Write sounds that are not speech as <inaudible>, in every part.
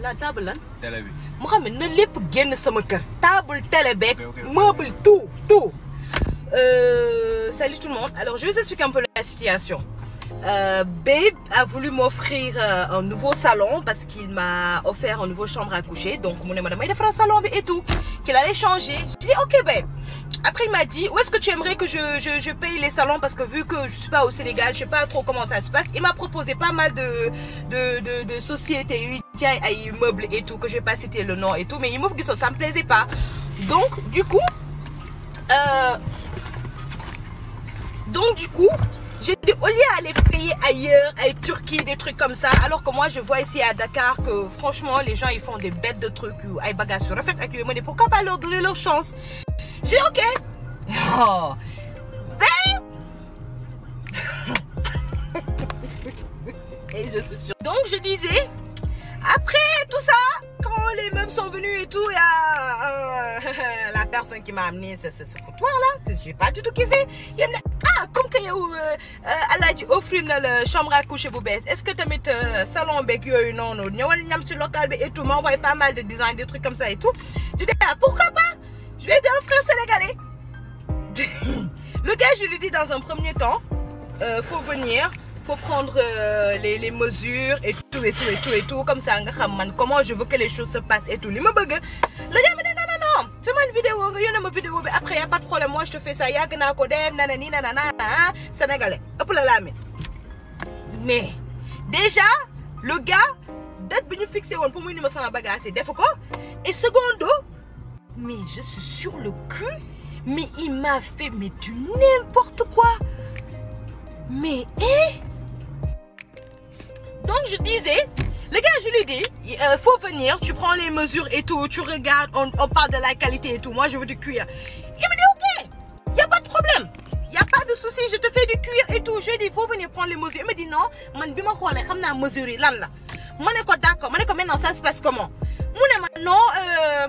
la table. la la table la table la table na sama La table télé table, meuble tout tout. Euh, salut tout le monde alors je vais vous expliquer un peu la situation. Euh, Babe a voulu m'offrir euh, un nouveau salon parce qu'il m'a offert une nouvelle chambre à coucher donc mon il a fait un salon et tout qu'il allait changer. je dis ok Babe. Après, il m'a dit, où est-ce que tu aimerais que je, je, paye les salons Parce que vu que je suis pas au Sénégal, je sais pas trop comment ça se passe. Il m'a proposé pas mal de, de, de, sociétés, il immeubles et tout, que je pas cité le nom et tout. Mais il que ça me plaisait pas. Donc, du coup... Euh, donc, du coup... J'ai dit, au lieu d'aller payer ailleurs, avec Turquie, des trucs comme ça, alors que moi, je vois ici à Dakar que franchement, les gens, ils font des bêtes de trucs, ou à sur le fait, pourquoi pas leur donner leur chance j'ai ok. Oh, ben. <laughs> et je suis sûre. Donc je disais, après tout ça, quand les meubles sont venus et tout, il y a euh, <laughs> la personne qui m'a amené ce, ce, ce là Je n'ai pas du tout kiffé. Il a Ah, comme que euh, euh, a dit offrir la chambre à coucher pour baisse est-ce que tamit salon non. non, non, non, non, non, local et tout non, pas mal de non, des trucs comme ça et tout Tu dis ah, pourquoi pas je vais aider un frère sénégalais. <laughs> le gars, je lui dis dans un premier temps, euh, faut venir, faut prendre euh, les, mesures et tout, et tout, et tout, et tout. Comme ça, comment je veux que les choses se passent et tout. Le gars me dit non, non, non, fais-moi une vidéo, a ma vidéo. Après, il n'y a pas de problème, moi je te fais ça. Yagna Kodem, nanani, nanana, hein. sénégalais. Hop là là, mais. Mais, déjà, le gars, date venu fixer pour moi, il me semble bagage. Et secondo, mais je suis sur le cul. Mais il m'a fait mais du n'importe quoi. Mais eh Donc je disais, le gars, je lui dis, il euh, faut venir, tu prends les mesures et tout, tu regardes, on, parle de la qualité et tout. Moi, je veux du cuir. Il me dit, ok, il a pas de problème. Il n'y a pas de souci, je te fais du cuir et tout. Je lui dis, faut venir prendre les mesures. Il me dit, non, man, bima sais les mesurer, là, là. Moi, d'accord, d'accord. Moi, maintenant, ça se passe comment Moi, non, euh,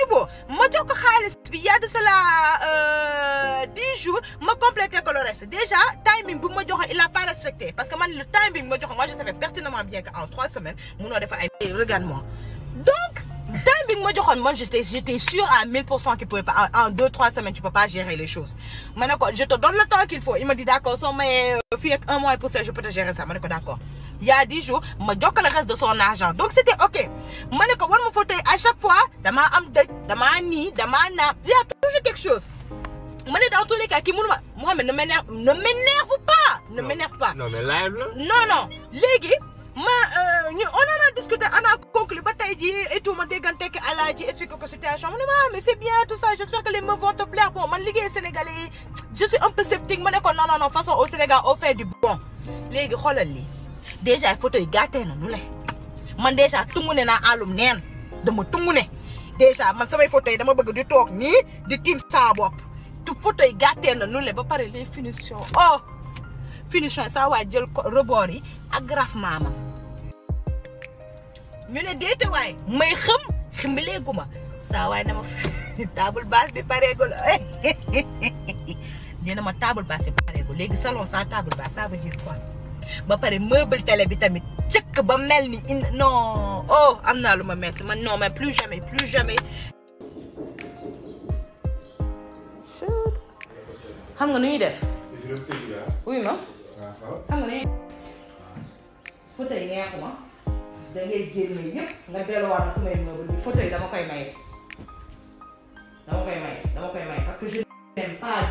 juboo ma jox ko il y a de cela 10 jours ma complété avec le reste déjà timing il a pas respecté parce que moi le timing moi je savais pertinemment bien qu'en en trois semaines munoo def ay regarde moi donc timing moi ma j'étais j'étais sûre à 1000% pour cent qu'il pouvait pas en deux trois semaines tu peux pas gérer les choses maintenant je te donne le temps qu'il faut il m'a dit d'accord si on met un mois et ça, je peux te gérer ça maintenant d'accord il y a 10 jours ma jox ko le reste de son argent donc c'était ok ma ne ko war ma fauteuil à chaque fois damaa am dëj damaa nii damaa naam il y a toujours quelque chose Je ne dans tous les cas qui moi, ma ne m'énerve pas ne m'énerve pas non mais live là? non non léegi ma euh, ñu on en a discuté on a conclu ba tey jii et tout ma déggante ak Alaaji expliqué que c'était ma ne ma mais c'est bien tout ça j'espère que les meufs vont te plaire bon man liggéey sénégalais je suis un peu sceptique ma ne ko non non non façon au Sénégal on fait du bon léegi xoolal déjà photo yi gàttee na nu le man déjà tungu ne naa àllum neen dama tungu ne déjà man samay photo yi dama bëgg di toog mii di tiim saa bopp tu photo yi gàttee na nu le ba pare les finitions oh finition saa waay jël ko rebord yi ak graf maama ñu ne déete waay may xëm ximbileegu ma saa waay na ma <laughs> table basse bi pareegul <laughs> nee na ma table basse bi pareegul léegi salon sans table basse ça veut dire quoi ba pare meuble télé bi tamit cëkk ba mel ni non oh am naa lu ma non mais plus jamais plus jamais. nga def. ma. nga fauteuil da meuble parce que je n'aime pas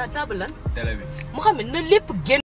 la table lan. télé bi mu xam ne na lépp génn.